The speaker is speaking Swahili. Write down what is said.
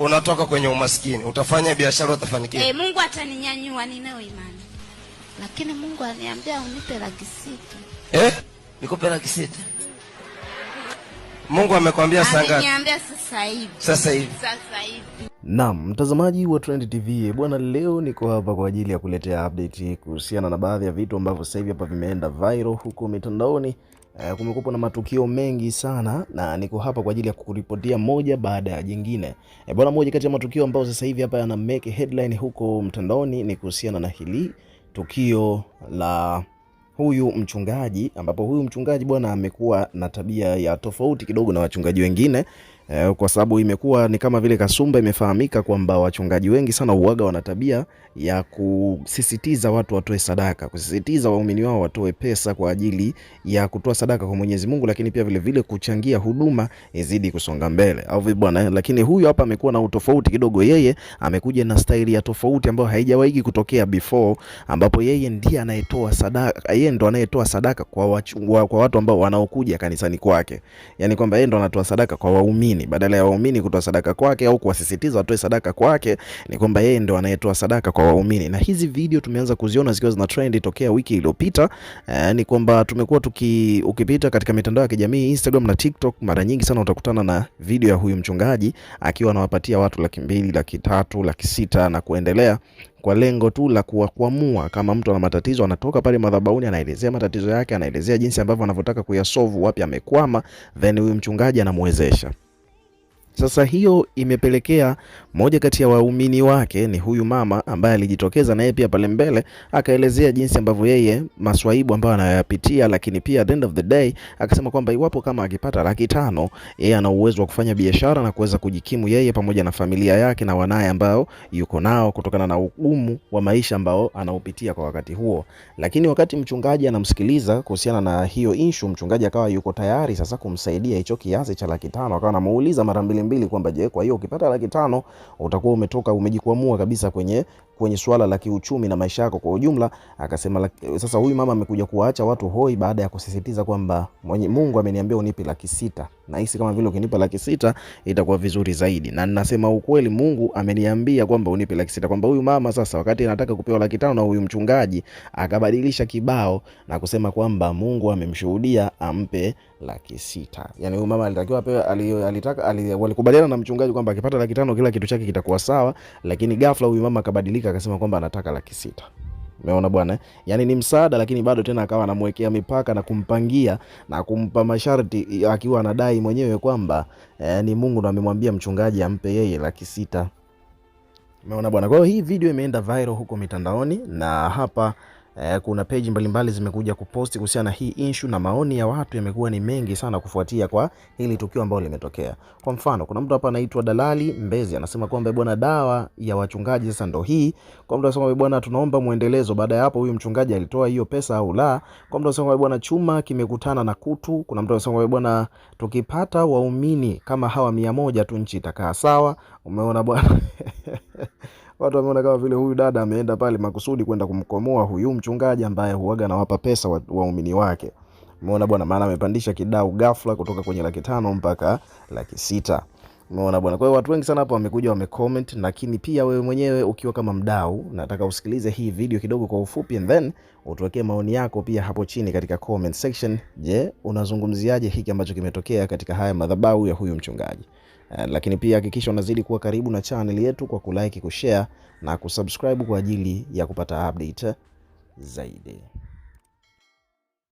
unatoka kwenye umaskini, utafanya biashara, utafanikiwa. hey, eh, Mungu ataninyanyua, ninao imani. Lakini Mungu aniambia unipe laki sita. Eh? Nikupe laki sita. Mungu amekwambia saa ngapi? sasa hivi. Sasa hivi. Sasa hivi. Naam, mtazamaji wa Trend TV bwana, leo niko hapa kwa ajili ya kuletea update kuhusiana na baadhi ya vitu ambavyo sasa hivi hapa vimeenda viral huko mitandaoni. E, kumekuwa na matukio mengi sana na niko hapa kwa ajili ya kukuripotia moja baada ya jingine. E, bwana, moja kati ya matukio ambayo sasa hivi hapa yana make headline huko mtandaoni ni kuhusiana na hili tukio la huyu mchungaji ambapo huyu mchungaji bwana amekuwa na tabia ya tofauti kidogo na wachungaji wengine eh, kwa sababu imekuwa ni kama vile kasumba. Imefahamika kwamba wachungaji wengi sana uwaga wana tabia ya kusisitiza watu watoe sadaka, kusisitiza waumini wao watoe pesa kwa ajili ya kutoa sadaka kwa Mwenyezi Mungu, lakini pia vile vile kuchangia huduma izidi kusonga mbele, au vipi bwana? Lakini huyu hapa amekuwa na utofauti kidogo, yeye amekuja na staili ya tofauti ambayo haijawahi kutokea before, ambapo yeye ndiye anayetoa sadaka, yeye ndo anayetoa sadaka kwa, wachu, kwa watu ambao wanaokuja kanisani kwake, yani kwamba yeye ndo anatoa sadaka kwa waumini waumini. Badala ya waumini kutoa sadaka kwake au kuwasisitiza watoe sadaka kwake, ni kwamba yeye ndo anayetoa sadaka kwa waumini. Na hizi video tumeanza kuziona zikiwa zina trend tokea wiki iliyopita. Eh, ni kwamba tumekuwa tuki ukipita katika mitandao ya kijamii Instagram na TikTok, mara nyingi sana utakutana na video ya huyu mchungaji akiwa anawapatia watu laki mbili, laki tatu, laki sita na kuendelea kwa lengo tu la kuwakwamua. Kama mtu ana matatizo, anatoka pale madhabahuni, anaelezea matatizo yake, anaelezea jinsi ambavyo anavyotaka kuyasolve, wapi amekwama, then huyu mchungaji anamwezesha. Sasa hiyo imepelekea moja kati ya waumini wake ni huyu mama ambaye alijitokeza na yeye pia pale mbele akaelezea jinsi ambavyo yeye maswaibu ambayo anayapitia, lakini pia at the end of the day akasema kwamba iwapo kama akipata laki tano yeye ana uwezo wa kufanya biashara na kuweza kujikimu yeye pamoja na familia yake na wanaye ambao yuko nao kutokana na ugumu wa maisha ambao anaupitia kwa wakati huo. Lakini wakati mchungaji anamsikiliza kuhusiana na hiyo issue, mchungaji akawa yuko tayari sasa kumsaidia hicho kiasi cha laki tano, akawa anamuuliza mara mbili mbili kwamba je, kwa hiyo ukipata laki tano utakuwa umetoka umejikwamua kabisa kwenye kwenye swala la kiuchumi na maisha yako kwa ujumla. Akasema sasa huyu mama amekuja kuwaacha watu hoi baada ya kusisitiza kwamba mwenye Mungu ameniambia unipe laki sita, nahisi kama vile ukinipa laki sita itakuwa vizuri zaidi, na ninasema ukweli, Mungu ameniambia kwamba unipe laki sita, kwamba huyu mama sasa wakati anataka kupewa laki tano na huyu mchungaji akabadilisha kibao na kusema kwamba Mungu amemshuhudia ampe laki sita. Yani huyu mama alitakiwa apewe, alitaka, walikubaliana na mchungaji kwamba akipata laki tano kila kitu chake kitakuwa sawa, lakini ghafla huyu mama akabadilika akasema kwamba anataka laki sita. Umeona bwana, yani ni msaada, lakini bado tena akawa anamwekea mipaka na kumpangia na kumpa masharti, akiwa anadai mwenyewe kwamba eh, ni Mungu ndo amemwambia mchungaji ampe yeye laki sita. Umeona bwana. Kwa hiyo hii video imeenda viral huko mitandaoni na hapa eh, kuna peji mbalimbali zimekuja kuposti kuhusiana na hii issue na maoni ya watu yamekuwa ni mengi sana kufuatia kwa hili tukio ambalo limetokea. Kwa mfano, kuna mtu hapa anaitwa Dalali Mbezi anasema kwamba bwana, dawa ya wachungaji sasa ndo hii. Kwa mtu anasema bwana, tunaomba mwendelezo baada ya hapo, huyu mchungaji alitoa hiyo pesa au la? Kwa mtu anasema bwana, chuma kimekutana na kutu. Kuna mtu anasema bwana, tukipata waumini kama hawa mia moja tu nchi itakaa sawa. Umeona bwana watu wameona kama vile huyu dada ameenda pale makusudi kwenda kumkomoa huyu mchungaji ambaye huaga anawapa pesa waumini wake. Umeona bwana, maana amepandisha kidau ghafla kutoka kwenye laki tano mpaka laki sita. Umeona bwana. Kwa hiyo watu wengi sana hapo wamekuja wamecomment, lakini pia wewe mwenyewe ukiwa kama mdau, nataka usikilize hii video kidogo kwa ufupi and then utuwekee maoni yako pia hapo chini katika comment section. Je, unazungumziaje hiki ambacho kimetokea katika haya madhabahu ya huyu mchungaji? Eh, lakini pia hakikisha unazidi kuwa karibu na channel yetu kwa kulike, kushare na kusubscribe kwa ajili ya kupata update zaidi.